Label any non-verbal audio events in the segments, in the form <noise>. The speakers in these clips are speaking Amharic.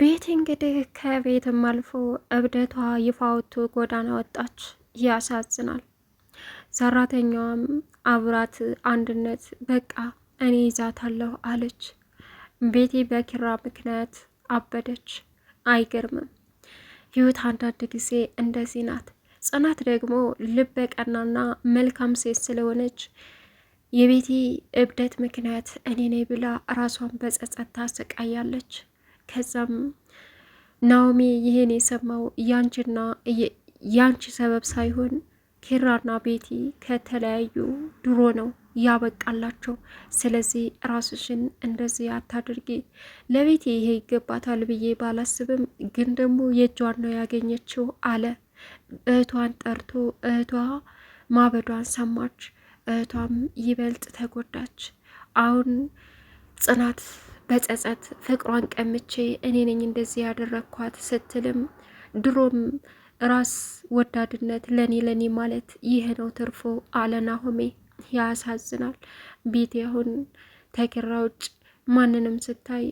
ቤቲ እንግዲህ ከቤትም አልፎ እብደቷ ይፋ ወጥቶ ጎዳና ወጣች። ያሳዝናል። ሰራተኛዋም አብራት አንድነት በቃ እኔ ይዛታለሁ አለች። ቤቲ በኪራ ምክንያት አበደች። አይገርምም። ህይወት አንዳንድ ጊዜ እንደዚህ ናት። ጽናት ደግሞ ልበ ቀናና መልካም ሴት ስለሆነች የቤቲ እብደት ምክንያት እኔ ነኝ ብላ ራሷን በጸጸት ታሰቃያለች። ከዛም ናኦሚ ይህን የሰማው ያንቺና ያንቺ ሰበብ ሳይሆን ኪራና ቤቲ ከተለያዩ ድሮ ነው ያበቃላቸው። ስለዚህ ራስሽን እንደዚህ አታድርጊ። ለቤቲ ይሄ ይገባታል ብዬ ባላስብም ግን ደግሞ የእጇን ነው ያገኘችው አለ። እህቷን ጠርቶ እህቷ ማበዷን ሰማች። እህቷም ይበልጥ ተጎዳች። አሁን ጽናት በጸጸት ፍቅሯን ቀምቼ እኔ ነኝ እንደዚህ ያደረግኳት ስትልም ድሮም ራስ ወዳድነት ለኔ ለኔ ማለት ይህ ነው ትርፎ አለ ናሆሜ። ያሳዝናል። ቤት ያሁን ተኪራ ውጭ ማንንም ስታይ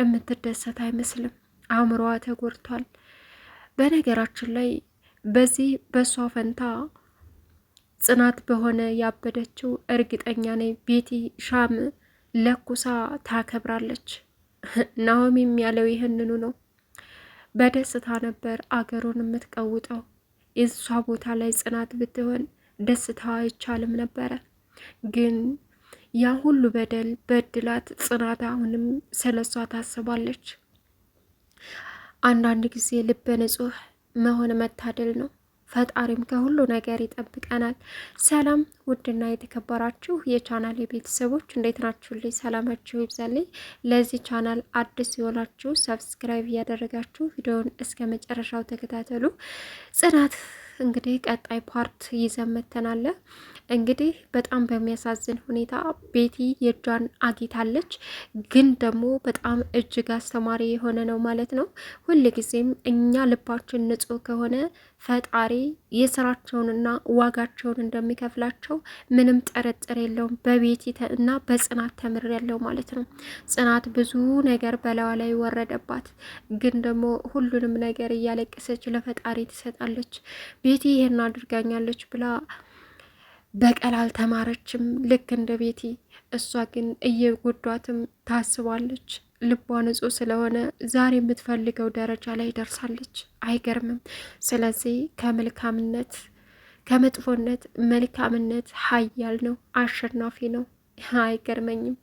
የምትደሰት አይመስልም። አእምሮዋ ተጎድቷል። በነገራችን ላይ በዚህ በእሷ ፈንታ ጽናት በሆነ ያበደችው እርግጠኛ ነኝ ቤቲ ሻም ለኩሳ ታከብራለች። <laughs> ናሆሚም ያለው ይህንኑ ነው። በደስታ ነበር አገሩን የምትቀውጠው። የእሷ ቦታ ላይ ጽናት ብትሆን ደስታ አይቻልም ነበረ። ግን ያ ሁሉ በደል በድላት ጽናት አሁንም ስለ እሷ ታስባለች። አንዳንድ ጊዜ ልበ ንጹህ መሆን መታደል ነው። ፈጣሪም ከሁሉ ነገር ይጠብቀናል። ሰላም ውድና የተከበራችሁ የቻናል የቤተሰቦች እንዴት ናችሁልኝ? ሰላማችሁ ይብዛልኝ። ለዚህ ቻናል አዲስ የሆናችሁ ሰብስክራይብ እያደረጋችሁ ቪዲዮን እስከ መጨረሻው ተከታተሉ። ጽናት እንግዲህ ቀጣይ ፓርት ይዘመተናለ። እንግዲህ በጣም በሚያሳዝን ሁኔታ ቤቲ የእጇን አጊታለች፣ ግን ደግሞ በጣም እጅግ አስተማሪ የሆነ ነው ማለት ነው። ሁልጊዜም እኛ ልባችን ንጹህ ከሆነ ፈጣሪ የስራቸውንና ዋጋቸውን እንደሚከፍላቸው ምንም ጥርጥር የለውም። በቤት እና በጽናት ተምር ያለው ማለት ነው። ጽናት ብዙ ነገር በላዋ ላይ ወረደባት፣ ግን ደግሞ ሁሉንም ነገር እያለቀሰች ለፈጣሪ ትሰጣለች። ቤቲ ይሄን አድርጋኛለች ብላ በቀል አልተማረችም፣ ልክ እንደ ቤቲ። እሷ ግን እየጎዷትም ታስባለች። ልቧ ንጹህ ስለሆነ ዛሬ የምትፈልገው ደረጃ ላይ ደርሳለች። አይገርምም። ስለዚህ ከመልካምነት ከመጥፎነት መልካምነት ኃያል ነው፣ አሸናፊ ነው። አይገርመኝም።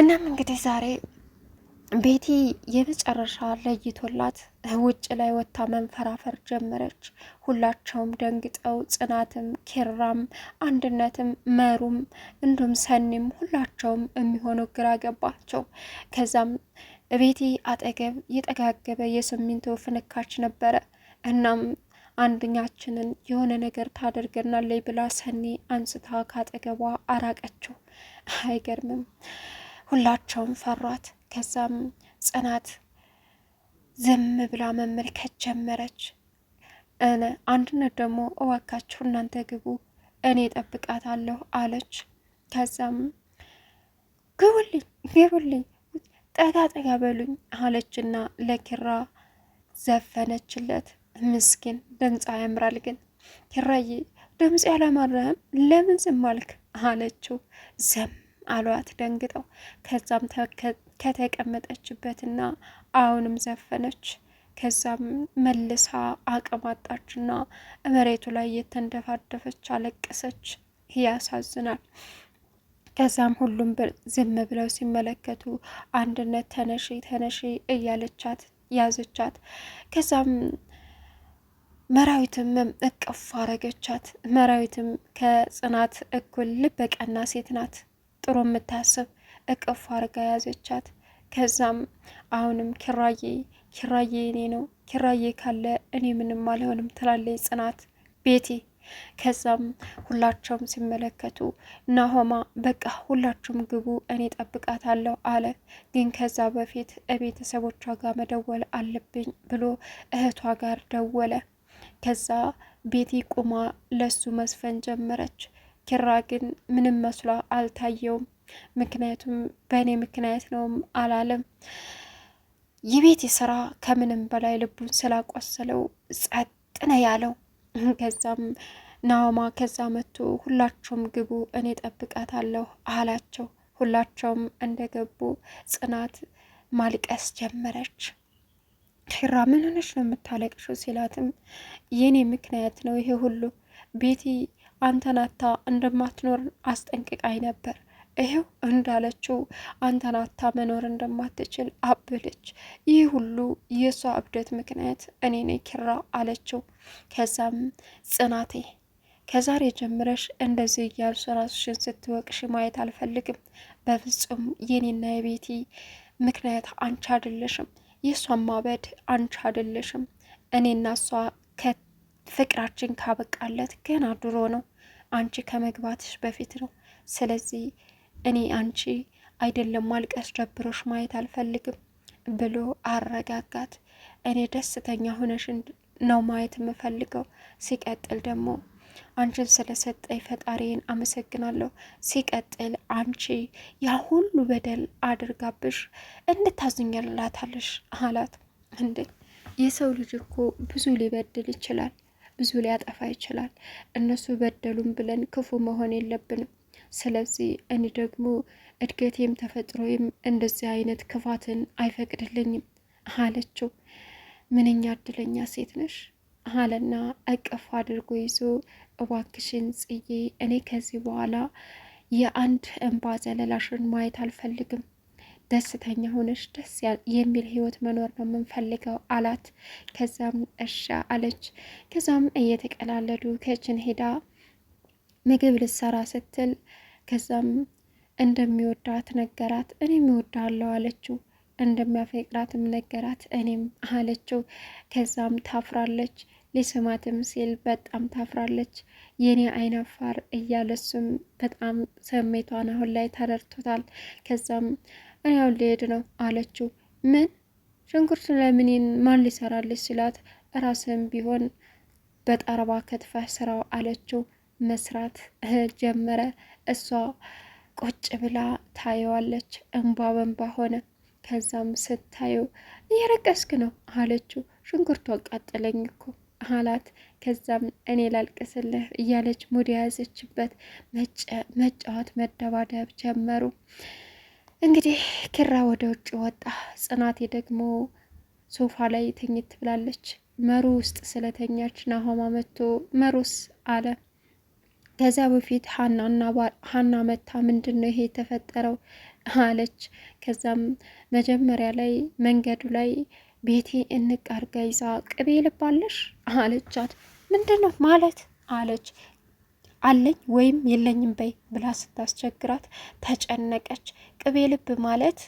እናም እንግዲህ ዛሬ ቤቲ የመጨረሻ ለይቶላት ውጭ ላይ ወጥታ መንፈራፈር ጀመረች። ሁላቸውም ደንግጠው ጽናትም፣ ኬራም፣ አንድነትም፣ መሩም እንዲሁም ሰኒም ሁላቸውም የሚሆኑ ግራ ገባቸው። ከዛም ቤቲ አጠገብ የጠጋገበ የስሚንቶ ፍንካች ነበረ። እናም አንድኛችንን የሆነ ነገር ታደርገናለች ብላ ሰኒ አንስታ ካጠገቧ አራቀችው። አይገርምም! ሁላቸውም ፈሯት። ከዛም ጽናት ዝም ብላ መመልከት ጀመረች። አንድነት ደግሞ እዋካችሁ እናንተ ግቡ፣ እኔ ጠብቃታለሁ አለች። ከዛም ግቡልኝ፣ ግቡልኝ፣ ጠጋ ጠጋ በሉኝ አለችና ለኪራ ዘፈነችለት። ምስኪን ድምፅ ያምራል ግን ኪራዬ ድምፅ ያለማረም ለምን ዝም አልክ አለችው። ዘም አሏት ደንግጠው። ከዛም ከተቀመጠችበትና አሁንም ዘፈነች። ከዛም መልሳ አቅም አጣችና መሬቱ ላይ የተንደፋደፈች አለቀሰች። ያሳዝናል። ከዛም ሁሉም ዝም ብለው ሲመለከቱ አንድነት ተነሺ ተነሺ እያለቻት ያዘቻት። ከዛም መራዊትም እቅፍ አረገቻት። መራዊትም ከጽናት እኩል ልበቀና ሴት ናት፣ ጥሩ የምታስብ እቅፍ አርጋ ያዘቻት። ከዛም አሁንም ኪራዬ ኪራዬ እኔ ነው ኪራዬ ካለ እኔ ምንም አልሆንም ትላለች ጽናት ቤቲ። ከዛም ሁላቸውም ሲመለከቱ ናሆማ በቃ ሁላችሁም ግቡ እኔ ጠብቃታለሁ አለ። ግን ከዛ በፊት ቤተሰቦቿ ጋር መደወል አለብኝ ብሎ እህቷ ጋር ደወለ። ከዛ ቤቲ ቁማ ለሱ መስፈን ጀመረች። ኪራ ግን ምንም መስሏ አልታየውም። ምክንያቱም በእኔ ምክንያት ነው አላለም። የቤት ስራ ከምንም በላይ ልቡን ስላቆሰለው ጸጥ ነው ያለው። ከዛም ናማ ከዛ መጥቶ ሁላቸውም ግቡ እኔ ጠብቃታለሁ አላቸው። ሁላቸውም እንደገቡ ጽናት ማልቀስ ጀመረች። ኪራ ምን ነው የምታለቅሽው? ሲላትም የኔ ምክንያት ነው ይሄ ሁሉ ቤቲ አንተናታ እንደማትኖር አስጠንቅቃኝ ነበር ይሄው እንዳለችው አንተናታ አታ መኖር እንደማትችል አበደች። ይህ ሁሉ የእሷ እብደት ምክንያት እኔ ነኝ ኪራ አለችው። ከዛም ጽናቴ ከዛሬ ጀምረሽ እንደዚህ እያልሽ ራስሽን ስትወቅሽ ማየት አልፈልግም። በፍጹም የኔና የቤቲ ምክንያት አንቺ አይደለሽም። የእሷን ማበድ አንቺ አይደለሽም። እኔና እሷ ፍቅራችን ካበቃለት ገና ድሮ ነው። አንቺ ከመግባትሽ በፊት ነው። ስለዚህ እኔ አንቺ አይደለም ማልቀስ ደብሮሽ ማየት አልፈልግም ብሎ አረጋጋት። እኔ ደስተኛ ሆነሽ ነው ማየት የምፈልገው። ሲቀጥል ደግሞ አንቺን ስለሰጠኝ ፈጣሪን አመሰግናለሁ። ሲቀጥል አንቺ ያ ሁሉ በደል አድርጋብሽ እንታዝኛላታለሽ አላት። እንዴ የሰው ልጅ እኮ ብዙ ሊበድል ይችላል፣ ብዙ ሊያጠፋ ይችላል። እነሱ በደሉም ብለን ክፉ መሆን የለብንም። ስለዚህ እኔ ደግሞ እድገቴም ተፈጥሮዬም እንደዚህ አይነት ክፋትን አይፈቅድልኝም አለችው። ምንኛ እድለኛ ሴት ነሽ አለና እቅፍ አድርጎ ይዞ እባክሽን ጽዬ፣ እኔ ከዚህ በኋላ የአንድ እንባ ዘለላሽን ማየት አልፈልግም። ደስተኛ ሆነሽ ደስ የሚል ህይወት መኖር ነው የምንፈልገው አላት። ከዛም እሻ አለች። ከዛም እየተቀላለዱ ከችን ሄዳ ምግብ ልትሰራ ስትል ከዛም እንደሚወዳት ነገራት። እኔም እወድሃለሁ አለችው። እንደሚያፈቅራትም ነገራት። እኔም አለችው። ከዛም ታፍራለች። ሊስማትም ሲል በጣም ታፍራለች። የኔ አይናፋር እያለ እሱም በጣም ስሜቷን አሁን ላይ ተረድቶታል። ከዛም እኔ አሁን ልሄድ ነው አለችው። ምን ሽንኩርት ለምኔን ማን ሊሰራልች ሲላት፣ ራስም ቢሆን በጠረባ ከትፈህ ስራው አለችው። መስራት ጀመረ። እሷ ቁጭ ብላ ታየዋለች። እንባ በንባ ሆነ። ከዛም ስታየው እየረቀስክ ነው አለችው። ሽንኩርቱ አቃጠለኝ እኮ አላት። ከዛም እኔ ላልቅስልህ እያለች ሙድ የያዘችበት መጫወት መደባደብ ጀመሩ። እንግዲህ ኪራ ወደ ውጭ ወጣ። ጽናቴ ደግሞ ሶፋ ላይ ተኝት ብላለች። መሩ ውስጥ ስለተኛች ናሆማ መጥቶ መሩስ አለ ከዚያ በፊት ሀና መታ ምንድን ነው ይሄ የተፈጠረው አለች። ከዛም መጀመሪያ ላይ መንገዱ ላይ ቤቴ እንቃርጋ ይዛ ቅቤ ልባለሽ አለቻት። ምንድን ነው ማለት አለች። አለኝ ወይም የለኝም በይ ብላ ስታስቸግራት ተጨነቀች። ቅቤ ልብ ማለት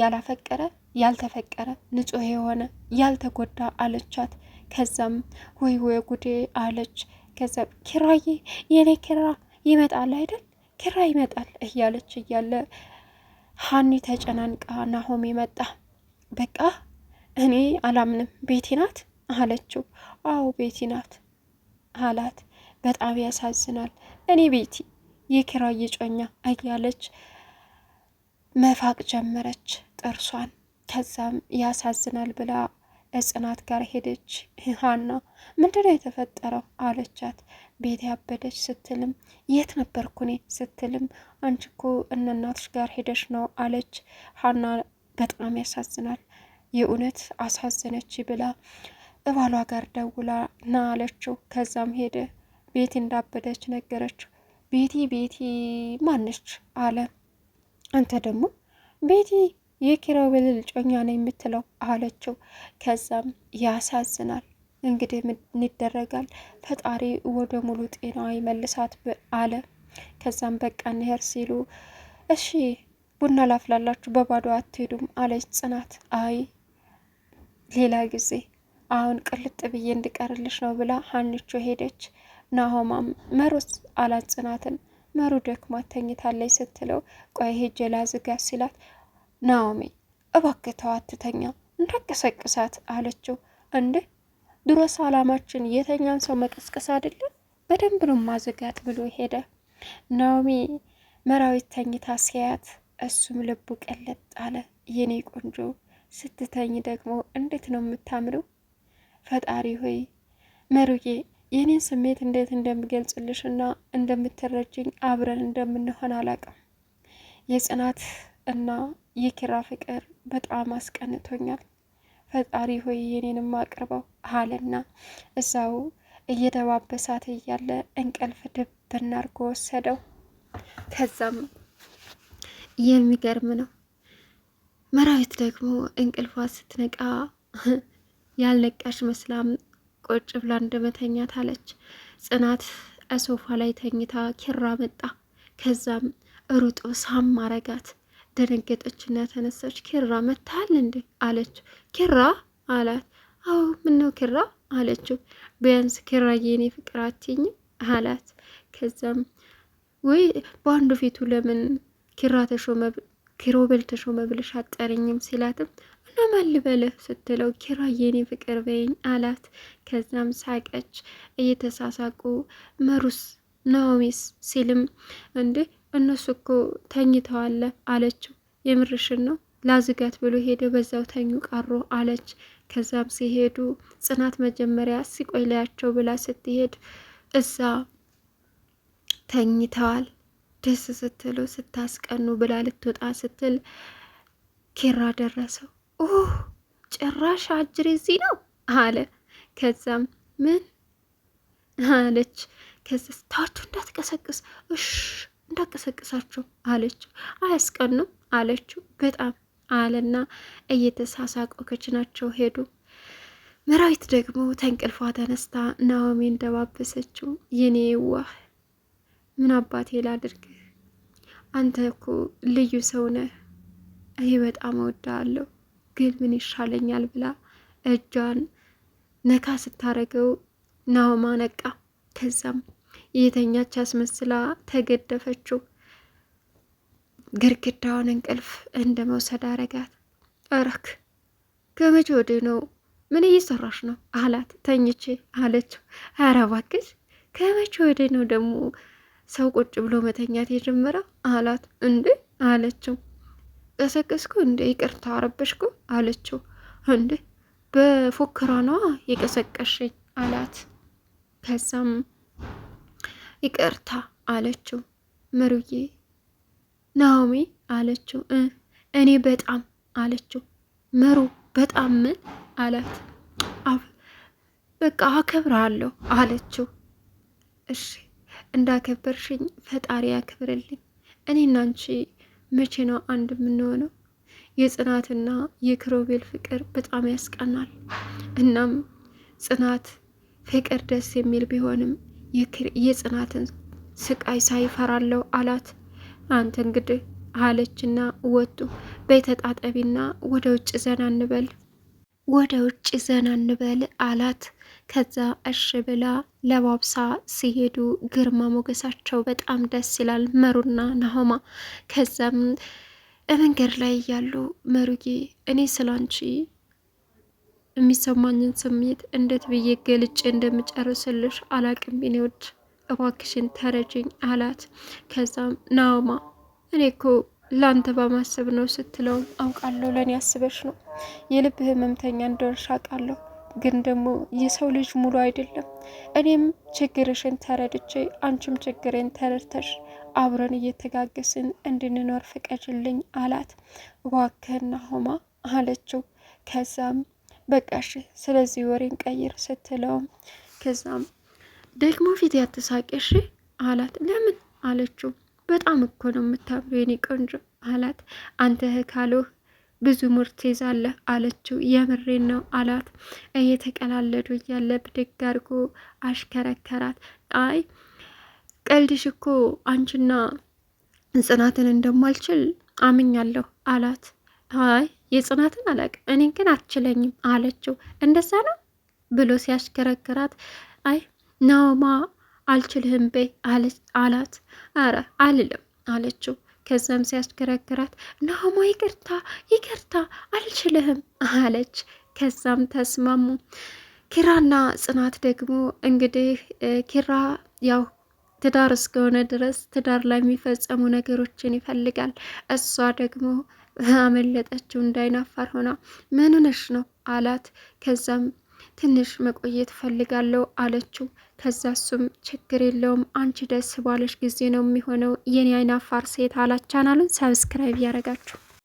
ያላፈቀረ ያልተፈቀረ ንጹህ የሆነ ያልተጎዳ አለቻት። ከዛም ወይ ወይ ጉዴ አለች። ከዛ ኪራዬ የኔ ኪራ ይመጣል አይደል ኪራ ይመጣል እያለች እያለ ሀኒ ተጨናንቃ ናሆም መጣ። በቃ እኔ አላምንም ቤቲ ናት አለችው። አዎ ቤቲ ናት አላት። በጣም ያሳዝናል። እኔ ቤቲ የኪራዬ ጮኛ እያለች መፋቅ ጀመረች ጥርሷን። ከዛም ያሳዝናል ብላ እጽናት ጋር ሄደች። ሀና ምንድነው የተፈጠረው አለቻት። ቤት ያበደች ስትልም የት ነበርኩ እኔ ስትልም አንቺ እኮ እነ እናትሽ ጋር ሄደች ነው አለች። ሀና በጣም ያሳዝናል፣ የእውነት አሳዘነች ብላ እባሏ ጋር ደውላ ና አለችው። ከዛም ሄደ ቤቲ እንዳበደች ነገረችው። ቤቲ ቤቲ ማነች አለ። አንተ ደግሞ ቤቲ የኪሮቤል እጮኛ ነው የምትለው አለችው። ከዛም ያሳዝናል። እንግዲህ ምን ይደረጋል፣ ፈጣሪ ወደ ሙሉ ጤናዋ ይመልሳት አለ። ከዛም በቃ እንሄድ ሲሉ እሺ ቡና ላፍላላችሁ፣ በባዶ አትሄዱም አለች ጽናት። አይ ሌላ ጊዜ አሁን ቅልጥ ብዬ እንድቀርልሽ ነው ብላ ሀንቾ ሄደች። ናሆማም መሩስ አላት ጽናትን። መሩ ደክማ ተኝታለች ስትለው ቆይ ሄጄ ላዝጋ ሲላት ናኦሚ እባክህ ተዋት ትተኛ እንዳቀሰቅሳት አለችው። እንዴ ድሮስ አላማችን የተኛን ሰው መቀስቀስ አይደለም በደንብ ነው ማዘጋት ብሎ ሄደ። ናኦሚ መራዊት ተኝታ ሲያያት እሱም ልቡ ቀለጥ አለ። የኔ ቆንጆ ስትተኝ ደግሞ እንዴት ነው የምታምረው! ፈጣሪ ሆይ መሩዬ የኔን ስሜት እንዴት እንደምገልጽልሽና እንደምትረጅኝ አብረን እንደምንሆን አላቅም የጽናት እና የኪራ ፍቅር በጣም አስቀንቶኛል። ፈጣሪ ሆይ የኔንም አቅርበው አለና እዛው እየደባበሳት እያለ እንቅልፍ ድብ ብናርጎ ወሰደው። ከዛም የሚገርም ነው መራዊት ደግሞ እንቅልፏ ስትነቃ ያልነቃሽ መስላም ቁጭ ብላ እንደመተኛ ታለች። ጽናት ሶፋ ላይ ተኝታ ኪራ መጣ። ከዛም ሩጦ ሳም አረጋት። ደነገጠችና ተነሳች። ኪራ መታል እንዴ አለች። ኪራ አላት። አዎ ምነው ኪራ አለችው። ቢያንስ ኪራ የኔ ፍቅር አትኝ አላት። ከዛም ወይ በአንዱ ፊቱ ለምን ኪራ ተሾመ ኪሮቤል ተሾመ ብልሽ አጠረኝም ሲላትም እና ማን ልበልህ ስትለው ኪራ የኔ ፍቅር በይኝ አላት። ከዛም ሳቀች። እየተሳሳቁ መሩስ ናኦሚስ ሲልም እንዴ እነሱ እኮ ተኝተዋለ አለችው። የምርሽን ነው ላዝጋት ብሎ ሄደ። በዛው ተኙ ቀሩ አለች። ከዛም ሲሄዱ ጽናት መጀመሪያ ሲቆይላያቸው ብላ ስትሄድ እዛ ተኝተዋል ደስ ስትሉ ስታስቀኑ ብላ ልትወጣ ስትል ኬራ ደረሰው። ኦ ጭራሽ አጅሬ እዚህ ነው አለ። ከዛም ምን አለች። ከዚ ስታችሁ እንዳትቀሰቅስ እሽ እንዳቀሰቅሳችሁ አለችው። አያስቀኑም አለችው። በጣም አለና እየተሳሳቁ ናቸው ሄዱ። መራዊት ደግሞ ተንቅልፏ ተነስታ ናኦሚ እንደባበሰችው የኔ ዋህ ምን አባቴ ላድርግ፣ አንተ እኮ ልዩ ሰው ነህ። ይህ በጣም እወዳለሁ፣ ግን ምን ይሻለኛል ብላ እጇን ነካ ስታደረገው ናኦማ ነቃ። ከዛም የተኛች አስመስላ ተገደፈችው። ግርግዳውን እንቅልፍ እንደ መውሰድ አረጋት። እረክ ከመቼ ወዲህ ነው? ምን እየሰራሽ ነው አላት። ተኝቼ አለችው። ኧረ እባክሽ ከመቼ ወዲህ ነው ደግሞ ሰው ቁጭ ብሎ መተኛት የጀመረው አላት። እንዴ አለችው። ቀሰቀስኩ እንዴ? ይቅርታ አረበሽኩ አለችው። እንዴ በፎከራ ነዋ የቀሰቀሽኝ አላት። ከዛም ይቅርታ አለችው። ምሩዬ ናኦሚ አለችው። እኔ በጣም አለችው። ምሩ በጣም ምን አላት? በቃ አከብራለሁ አለችው። እሺ እንዳከበርሽኝ ፈጣሪ ያክብርልኝ። እኔ እናንቺ መቼ ነው አንድ የምንሆነው? የጽናትና የክሮቤል ፍቅር በጣም ያስቀናል። እናም ጽናት ፍቅር ደስ የሚል ቢሆንም የጽናትን ስቃይ ሳይፈራለው አላት። አንተ እንግዲህ አለችና ወጡ። በተጣጠቢና ወደ ውጭ ዘና እንበል ወደ ውጭ ዘና እንበል አላት። ከዛ እሽ ብላ ለባብሳ ሲሄዱ ግርማ ሞገሳቸው በጣም ደስ ይላል መሩና ናሆማ። ከዛም መንገድ ላይ እያሉ መሩጌ እኔ ስላንቺ የሚሰማኝን ስሜት እንዴት ብዬ ገልጬ እንደምጨርስልሽ አላቅም ቢኔወድ እባክሽን ተረጅኝ አላት። ከዛም ናኦማ እኔ እኮ ለአንተ በማሰብ ነው ስትለውም አውቃለሁ ለእኔ ያስበሽ ነው የልብ ህመምተኛ እንደርሽ አውቃለሁ ግን ደግሞ የሰው ልጅ ሙሉ አይደለም። እኔም ችግርሽን ተረድቼ አንቺም ችግሬን ተረድተሽ አብረን እየተጋገስን እንድንኖር ፍቀጅልኝ አላት። ዋከና ሆማ አለችው። ከዛም በቃሽ ስለዚህ ወሬን ቀይር ስትለውም ከዛም ደግሞ ፊት እሺ አላት። ለምን አለችው። በጣም እኮ ነው የምታምሩ የኔ ቆንጆ አላት። አንተ ካሉህ ብዙ ምርት ትይዛለህ አለችው። የምሬን ነው አላት። እየተቀላለዱ እያለ ብድግ አድርጎ አሽከረከራት። አይ ቀልድሽ እኮ አንቺና ጽናትን እንደማልችል አምኛለሁ አላት። አይ የጽናትን አላውቅም እኔ ግን አትችለኝም አለችው። እንደዛ ነው ብሎ ሲያሽከረክራት አይ ናኦማ አልችልህም በይ አላት። አረ አልልም አለችው። ከዛም ሲያሽከረክራት ናኦማ ይቅርታ ይቅርታ አልችልህም አለች። ከዛም ተስማሙ። ኪራና ጽናት ደግሞ እንግዲህ ኪራ ያው ትዳር እስከሆነ ድረስ ትዳር ላይ የሚፈጸሙ ነገሮችን ይፈልጋል። እሷ ደግሞ አመለጠችው እንዳይናፋር ሆና ምን ነው አላት። ከዛም ትንሽ መቆየት ፈልጋለሁ አለችው። ከዛ እሱም ችግር የለውም አንቺ ደስ ባለሽ ጊዜ ነው የሚሆነው የኔ አይናፋር ሴት አላት። ቻናሉን ሰብስክራይብ ያረጋችሁ